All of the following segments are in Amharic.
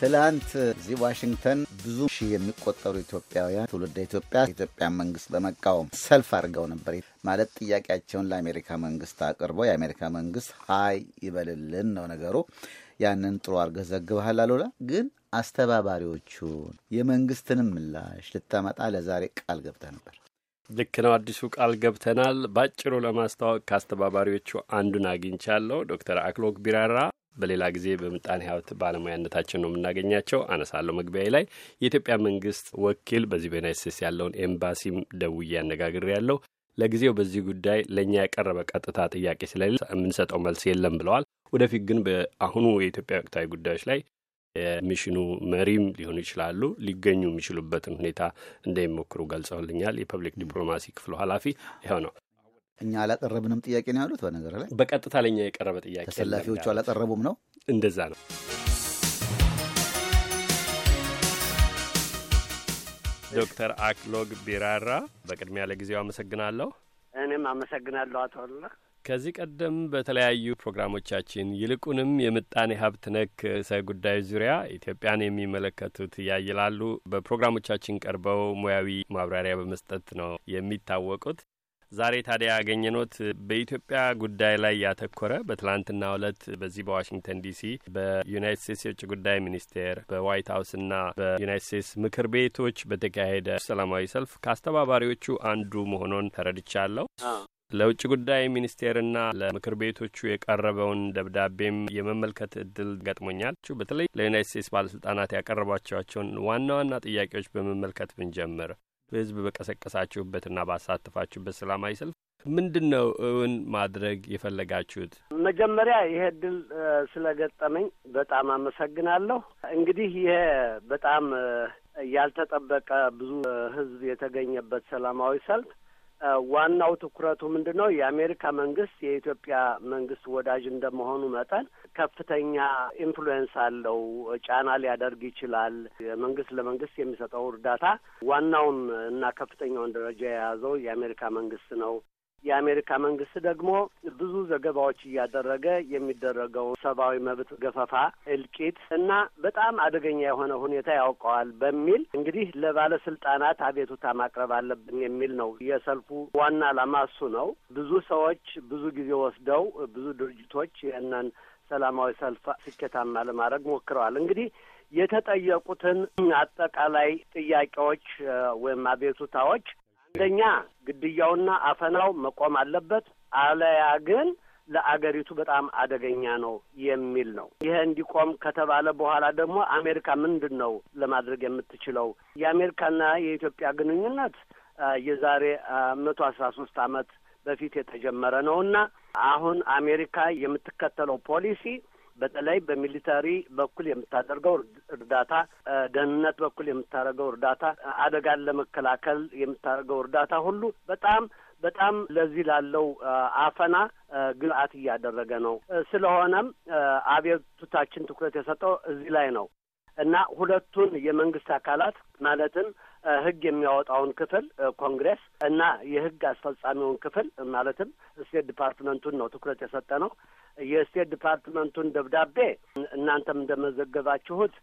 ትላንት እዚህ ዋሽንግተን ብዙ ሺህ የሚቆጠሩ ኢትዮጵያውያን ትውልደ ኢትዮጵያ የኢትዮጵያ መንግስት በመቃወም ሰልፍ አድርገው ነበር። ማለት ጥያቄያቸውን ለአሜሪካ መንግስት አቅርቦ የአሜሪካ መንግስት ሀይ ይበልልን ነው ነገሩ። ያንን ጥሩ አድርገህ ዘግበሃል አሉላ። ግን አስተባባሪዎቹን የመንግስትንም ምላሽ ልታመጣ ለዛሬ ቃል ገብተህ ነበር። ልክ ነው አዲሱ ቃል ገብተናል። ባጭሩ ለማስተዋወቅ ከአስተባባሪዎቹ አንዱን አግኝቻለሁ። ዶክተር አክሎክ ቢራራ በሌላ ጊዜ በምጣኔ ሀብት ባለሙያነታችን ነው የምናገኛቸው። አነሳለሁ መግቢያዬ ላይ የኢትዮጵያ መንግስት ወኪል በዚህ በዩናይት ስቴትስ ያለውን ኤምባሲም ደውዬ አነጋግሬ ያለው ለጊዜው በዚህ ጉዳይ ለእኛ ያቀረበ ቀጥታ ጥያቄ ስለሌለ የምንሰጠው መልስ የለም ብለዋል። ወደፊት ግን በአሁኑ የኢትዮጵያ ወቅታዊ ጉዳዮች ላይ የሚሽኑ መሪም ሊሆኑ ይችላሉ ሊገኙ የሚችሉበትን ሁኔታ እንደሚሞክሩ ገልጸውልኛል። የፐብሊክ ዲፕሎማሲ ክፍሉ ኃላፊ ይኸው ነው። እኛ አላቀረብንም ጥያቄ ነው ያሉት። በነገር ላይ በቀጥታ ለኛ የቀረበ ጥያቄ ተሰላፊዎቹ አላቀረቡም ነው። እንደዛ ነው። ዶክተር አክሎግ ቢራራ በቅድሚያ ለጊዜው አመሰግናለሁ። እኔም አመሰግናለሁ አቶ ከዚህ ቀደም በተለያዩ ፕሮግራሞቻችን ይልቁንም የምጣኔ ሀብት ነክ ሰ ጉዳዮች ዙሪያ ኢትዮጵያን የሚመለከቱት እያይላሉ በፕሮግራሞቻችን ቀርበው ሙያዊ ማብራሪያ በመስጠት ነው የሚታወቁት። ዛሬ ታዲያ ያገኘኖት በኢትዮጵያ ጉዳይ ላይ ያተኮረ በትላንትና እለት በዚህ በዋሽንግተን ዲሲ በዩናይት ስቴትስ የውጭ ጉዳይ ሚኒስቴር በዋይት ሀውስና በዩናይት ስቴትስ ምክር ቤቶች በተካሄደ ሰላማዊ ሰልፍ ከአስተባባሪዎቹ አንዱ መሆኑን ተረድቻለሁ። ለውጭ ጉዳይ ሚኒስቴርና ለምክር ቤቶቹ የቀረበውን ደብዳቤም የመመልከት እድል ገጥሞኛል። በተለይ ለዩናይት ስቴትስ ባለስልጣናት ያቀረቧቸዋቸውን ዋና ዋና ጥያቄዎች በመመልከት ብንጀምር በህዝብ በቀሰቀሳችሁበትና ባሳተፋችሁበት ሰላማዊ ሰልፍ ምንድን ነው እውን ማድረግ የፈለጋችሁት? መጀመሪያ ይሄ እድል ስለገጠመኝ በጣም አመሰግናለሁ። እንግዲህ ይሄ በጣም ያልተጠበቀ ብዙ ህዝብ የተገኘበት ሰላማዊ ሰልፍ ዋናው ትኩረቱ ምንድን ነው? የአሜሪካ መንግስት የኢትዮጵያ መንግስት ወዳጅ እንደመሆኑ መጠን ከፍተኛ ኢንፍሉዌንስ አለው፣ ጫና ሊያደርግ ይችላል። የመንግስት ለመንግስት የሚሰጠው እርዳታ ዋናውን እና ከፍተኛውን ደረጃ የያዘው የአሜሪካ መንግስት ነው። የአሜሪካ መንግስት ደግሞ ብዙ ዘገባዎች እያደረገ የሚደረገው ሰብአዊ መብት ገፈፋ፣ እልቂት እና በጣም አደገኛ የሆነ ሁኔታ ያውቀዋል በሚል እንግዲህ ለባለስልጣናት አቤቱታ ማቅረብ አለብን የሚል ነው የሰልፉ ዋና ዓላማ። እሱ ነው። ብዙ ሰዎች ብዙ ጊዜ ወስደው ብዙ ድርጅቶች ይህንን ሰላማዊ ሰልፍ ስኬታማ ለማድረግ ሞክረዋል። እንግዲህ የተጠየቁትን አጠቃላይ ጥያቄዎች ወይም አቤቱታዎች አንደኛ ግድያውና አፈናው መቆም አለበት፣ አለያ ግን ለአገሪቱ በጣም አደገኛ ነው የሚል ነው። ይሄ እንዲቆም ከተባለ በኋላ ደግሞ አሜሪካ ምንድን ነው ለማድረግ የምትችለው? የአሜሪካና የኢትዮጵያ ግንኙነት የዛሬ መቶ አስራ ሶስት አመት በፊት የተጀመረ ነው እና አሁን አሜሪካ የምትከተለው ፖሊሲ በተለይ በሚሊተሪ በኩል የምታደርገው እርዳታ፣ ደህንነት በኩል የምታደርገው እርዳታ፣ አደጋን ለመከላከል የምታደርገው እርዳታ ሁሉ በጣም በጣም ለዚህ ላለው አፈና ግብአት እያደረገ ነው። ስለሆነም አቤቱታችን ትኩረት የሰጠው እዚህ ላይ ነው። እና ሁለቱን የመንግስት አካላት ማለትም ህግ የሚያወጣውን ክፍል ኮንግሬስ እና የህግ አስፈጻሚውን ክፍል ማለትም ስቴት ዲፓርትመንቱን ነው ትኩረት የሰጠ ነው። የስቴት ዲፓርትመንቱን ደብዳቤ እናንተም እንደመዘገባችሁት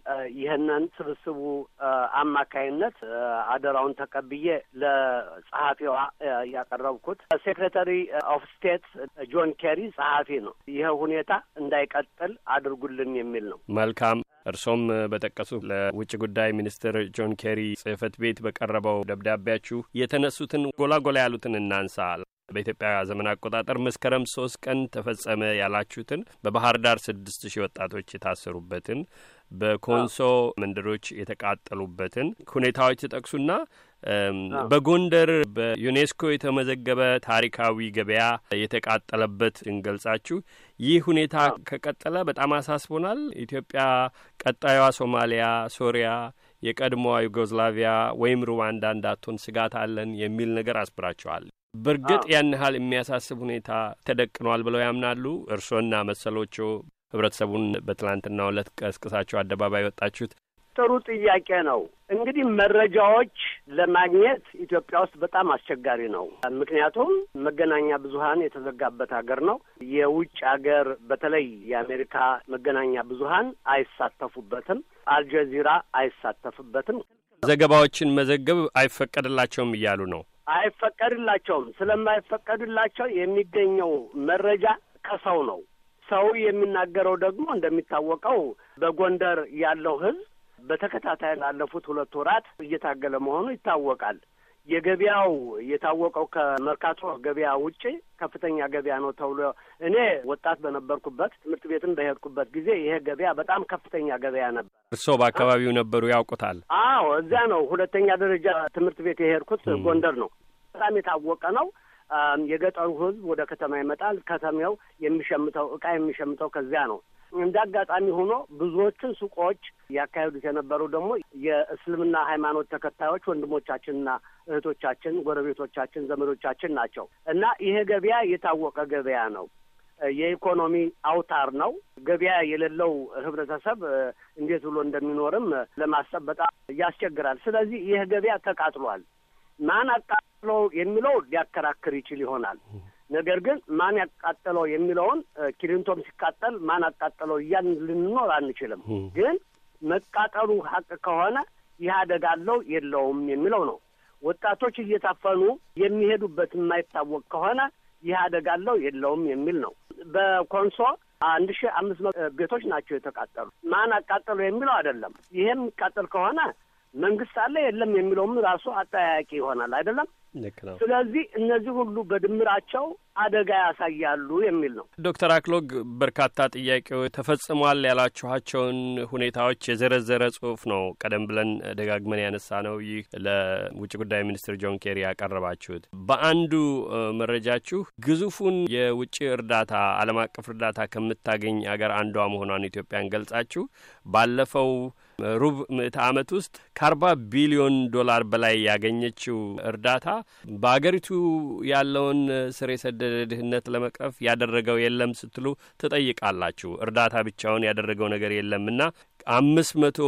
ይህንን ስብስቡ አማካይነት አደራውን ተቀብዬ ለጸሐፊዋ ያቀረብኩት ሴክሬታሪ ኦፍ ስቴት ጆን ኬሪ ጸሐፊ ነው። ይህ ሁኔታ እንዳይቀጥል አድርጉልን የሚል ነው። መልካም እርሶም በጠቀሱ ለውጭ ጉዳይ ሚኒስትር ጆን ኬሪ ጽህፈት ቤት በቀረበው ደብዳቤያችሁ የተነሱትን ጎላጎላ ያሉትን እናንሳ። በኢትዮጵያ ዘመን አቆጣጠር መስከረም ሶስት ቀን ተፈጸመ ያላችሁትን በባህር ዳር ስድስት ሺህ ወጣቶች የታሰሩበትን በኮንሶ መንደሮች የተቃጠሉበትን ሁኔታዎች ጠቅሱና። በጎንደር በዩኔስኮ የተመዘገበ ታሪካዊ ገበያ የተቃጠለበት እንገልጻችሁ ይህ ሁኔታ ከቀጠለ በጣም አሳስቦናል። ኢትዮጵያ ቀጣዩዋ ሶማሊያ፣ ሶሪያ፣ የቀድሞዋ ዩጎዝላቪያ ወይም ሩዋንዳ እንዳትሆን ስጋት አለን የሚል ነገር አስብራቸዋል። በእርግጥ ያን ያህል የሚያሳስብ ሁኔታ ተደቅኗል ብለው ያምናሉ እርስዎና መሰሎቹ? ህብረተሰቡን በትላንትና ዕለት ቀስቅሳችሁ አደባባይ ወጣችሁት ጥሩ ጥያቄ ነው። እንግዲህ መረጃዎች ለማግኘት ኢትዮጵያ ውስጥ በጣም አስቸጋሪ ነው። ምክንያቱም መገናኛ ብዙኃን የተዘጋበት ሀገር ነው። የውጭ ሀገር በተለይ የአሜሪካ መገናኛ ብዙኃን አይሳተፉበትም። አልጀዚራ አይሳተፍበትም። ዘገባዎችን መዘገብ አይፈቀድላቸውም እያሉ ነው። አይፈቀድላቸውም። ስለማይፈቀድላቸው የሚገኘው መረጃ ከሰው ነው። ሰው የሚናገረው ደግሞ እንደሚታወቀው በጎንደር ያለው ህዝብ በተከታታይ ላለፉት ሁለት ወራት እየታገለ መሆኑ ይታወቃል። የገበያው የታወቀው ከመርካቶ ገበያ ውጪ ከፍተኛ ገበያ ነው ተብሎ እኔ ወጣት በነበርኩበት ትምህርት ቤትን በሄድኩበት ጊዜ ይሄ ገበያ በጣም ከፍተኛ ገበያ ነበር። እርስዎ በአካባቢው ነበሩ ያውቁታል? አዎ፣ እዚያ ነው ሁለተኛ ደረጃ ትምህርት ቤት የሄድኩት ጎንደር ነው። በጣም የታወቀ ነው። የገጠሩ ሕዝብ ወደ ከተማ ይመጣል። ከተማው የሚሸምተው እቃ የሚሸምተው ከዚያ ነው። እንደ አጋጣሚ ሆኖ ብዙዎችን ሱቆች ያካሄዱት የነበሩ ደግሞ የእስልምና ሃይማኖት ተከታዮች ወንድሞቻችንና እህቶቻችን፣ ጎረቤቶቻችን፣ ዘመዶቻችን ናቸው እና ይሄ ገበያ የታወቀ ገበያ ነው። የኢኮኖሚ አውታር ነው። ገበያ የሌለው ህብረተሰብ እንዴት ብሎ እንደሚኖርም ለማሰብ በጣም ያስቸግራል። ስለዚህ ይህ ገበያ ተቃጥሏል። ማን አቃጥሎ የሚለው ሊያከራክር ይችል ይሆናል። ነገር ግን ማን ያቃጠለው የሚለውን ኪሪንቶም ሲቃጠል ማን አቃጠለው እያን ልንኖር አንችልም። ግን መቃጠሉ ሀቅ ከሆነ ይህ አደጋ አለው የለውም የሚለው ነው። ወጣቶች እየታፈኑ የሚሄዱበት የማይታወቅ ከሆነ ይህ አደጋ አለው የለውም የሚል ነው። በኮንሶ አንድ ሺህ አምስት መቶ ቤቶች ናቸው የተቃጠሉ። ማን አቃጠሉ የሚለው አይደለም። ይሄም የሚቃጠል ከሆነ መንግስት አለ የለም የሚለውም ራሱ አጠያያቂ ይሆናል አይደለም። ስለዚህ እነዚህ ሁሉ በድምራቸው አደጋ ያሳያሉ የሚል ነው። ዶክተር አክሎግ በርካታ ጥያቄዎች ተፈጽሟል ያላችኋቸውን ሁኔታዎች የዘረዘረ ጽሁፍ ነው። ቀደም ብለን ደጋግመን ያነሳ ነው። ይህ ለውጭ ጉዳይ ሚኒስትር ጆን ኬሪ ያቀረባችሁት በአንዱ መረጃችሁ ግዙፉን የውጭ እርዳታ ዓለም አቀፍ እርዳታ ከምታገኝ አገር አንዷ መሆኗን ኢትዮጵያን ገልጻችሁ ባለፈው ሩብ ምዕተ ዓመት ውስጥ ከአርባ ቢሊዮን ዶላር በላይ ያገኘችው እርዳታ በአገሪቱ ያለውን ስር የሰደደ ድህነት ለመቅረፍ ያደረገው የለም ስትሉ ትጠይቃላችሁ። እርዳታ ብቻውን ያደረገው ነገር የለምና አምስት መቶ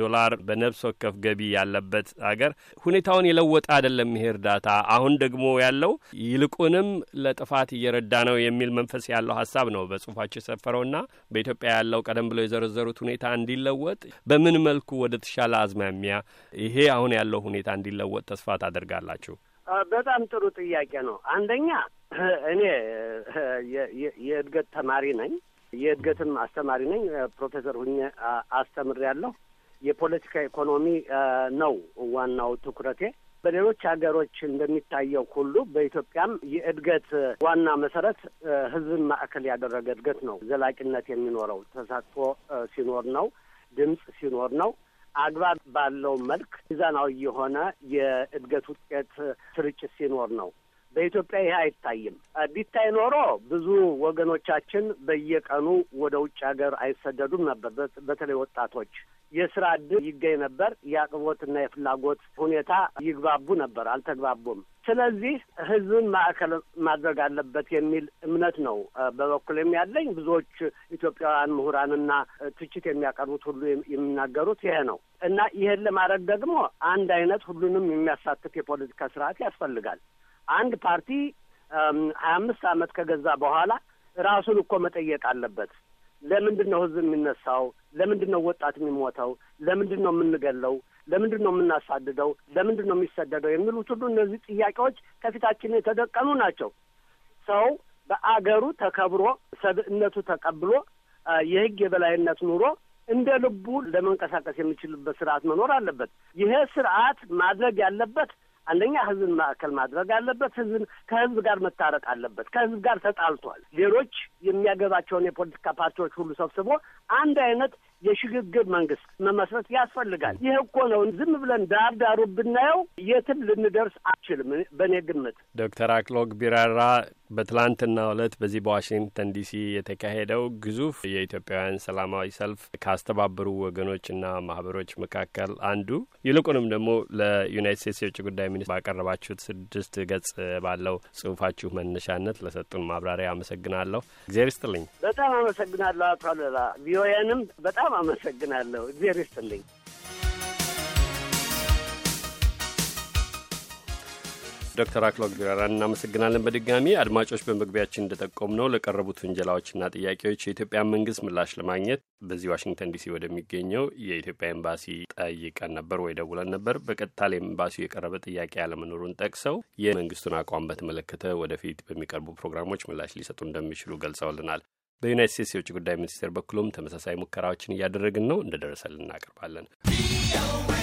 ዶላር በነፍስ ወከፍ ገቢ ያለበት አገር ሁኔታውን የለወጠ አይደለም ይሄ እርዳታ። አሁን ደግሞ ያለው ይልቁንም ለጥፋት እየረዳ ነው የሚል መንፈስ ያለው ሀሳብ ነው በጽሁፋቸው የሰፈረውና በኢትዮጵያ ያለው ቀደም ብለው የዘረዘሩት ሁኔታ እንዲለወጥ በምን መልኩ ወደ ተሻለ አዝማሚያ ይሄ አሁን ያለው ሁኔታ እንዲለወጥ ተስፋ ታደርጋላችሁ? በጣም ጥሩ ጥያቄ ነው። አንደኛ እኔ የእድገት ተማሪ ነኝ። የእድገትም አስተማሪ ነኝ። ፕሮፌሰር ሁኜ አስተምር ያለሁ የፖለቲካ ኢኮኖሚ ነው ዋናው ትኩረቴ። በሌሎች ሀገሮች እንደሚታየው ሁሉ በኢትዮጵያም የእድገት ዋና መሰረት ህዝብን ማዕከል ያደረገ እድገት ነው። ዘላቂነት የሚኖረው ተሳትፎ ሲኖር ነው። ድምፅ ሲኖር ነው። አግባብ ባለው መልክ ሚዛናዊ የሆነ የእድገት ውጤት ስርጭት ሲኖር ነው። በኢትዮጵያ ይህ አይታይም። ቢታይ ኖሮ ብዙ ወገኖቻችን በየቀኑ ወደ ውጭ ሀገር አይሰደዱም ነበር። በተለይ ወጣቶች የስራ እድል ይገኝ ነበር። የአቅርቦትና የፍላጎት ሁኔታ ይግባቡ ነበር። አልተግባቡም። ስለዚህ ህዝብን ማዕከል ማድረግ አለበት የሚል እምነት ነው በበኩልም ያለኝ። ብዙዎች ኢትዮጵያውያን ምሁራንና ትችት የሚያቀርቡት ሁሉ የሚናገሩት ይሄ ነው እና ይህን ለማድረግ ደግሞ አንድ አይነት ሁሉንም የሚያሳትፍ የፖለቲካ ስርዓት ያስፈልጋል። አንድ ፓርቲ ሀያ አምስት አመት ከገዛ በኋላ ራሱን እኮ መጠየቅ አለበት። ለምንድን ነው ህዝብ የሚነሳው? ለምንድን ነው ወጣት የሚሞተው? ለምንድን ነው የምንገለው? ለምንድን ነው የምናሳድደው? ለምንድን ነው የሚሰደደው? የሚሉት ሁሉ እነዚህ ጥያቄዎች ከፊታችን የተደቀኑ ናቸው። ሰው በአገሩ ተከብሮ ሰብእነቱ ተቀብሎ የህግ የበላይነት ኑሮ እንደ ልቡ ለመንቀሳቀስ የሚችልበት ስርዓት መኖር አለበት። ይሄ ስርዓት ማድረግ ያለበት አንደኛ ህዝብን ማዕከል ማድረግ አለበት። ህዝብን ከህዝብ ጋር መታረቅ አለበት። ከህዝብ ጋር ተጣልቷል። ሌሎች የሚያገባቸውን የፖለቲካ ፓርቲዎች ሁሉ ሰብስቦ አንድ አይነት የሽግግር መንግስት መመስረት ያስፈልጋል። ይህ እኮ ነው። ዝም ብለን ዳርዳሩ ብናየው የትም ልንደርስ አችልም በእኔ ግምት ዶክተር አክሎግ ቢራራ በትላንትና ዕለት በዚህ በዋሽንግተን ዲሲ የተካሄደው ግዙፍ የኢትዮጵያውያን ሰላማዊ ሰልፍ ካስተባበሩ ወገኖችና ማህበሮች መካከል አንዱ ይልቁንም ደግሞ ለዩናይት ስቴትስ የውጭ ጉዳይ ሚኒስትር ባቀረባችሁት ስድስት ገጽ ባለው ጽሁፋችሁ መነሻነት ለሰጡን ማብራሪያ አመሰግናለሁ። እግዚአብሔር ይስጥልኝ። በጣም አመሰግናለሁ አቶ አለላ። ቪኦኤንም በጣም አመሰግናለሁ። እግዚአብሔር ይስጥልኝ። ዶክተር አክሎግ ቢራራ እናመሰግናለን። በድጋሚ አድማጮች፣ በመግቢያችን እንደጠቆም ነው ለቀረቡት ውንጀላዎችና ጥያቄዎች የኢትዮጵያ መንግስት ምላሽ ለማግኘት በዚህ ዋሽንግተን ዲሲ ወደሚገኘው የኢትዮጵያ ኤምባሲ ጠይቀን ነበር ወይ ደውለን ነበር። በቀጥታ ለኤምባሲው የቀረበ ጥያቄ አለመኖሩን ጠቅሰው የመንግስቱን አቋም በተመለከተ ወደፊት በሚቀርቡ ፕሮግራሞች ምላሽ ሊሰጡ እንደሚችሉ ገልጸውልናል። በዩናይት ስቴትስ የውጭ ጉዳይ ሚኒስቴር በኩሉም ተመሳሳይ ሙከራዎችን እያደረግን ነው። እንደደረሰልን እናቀርባለን።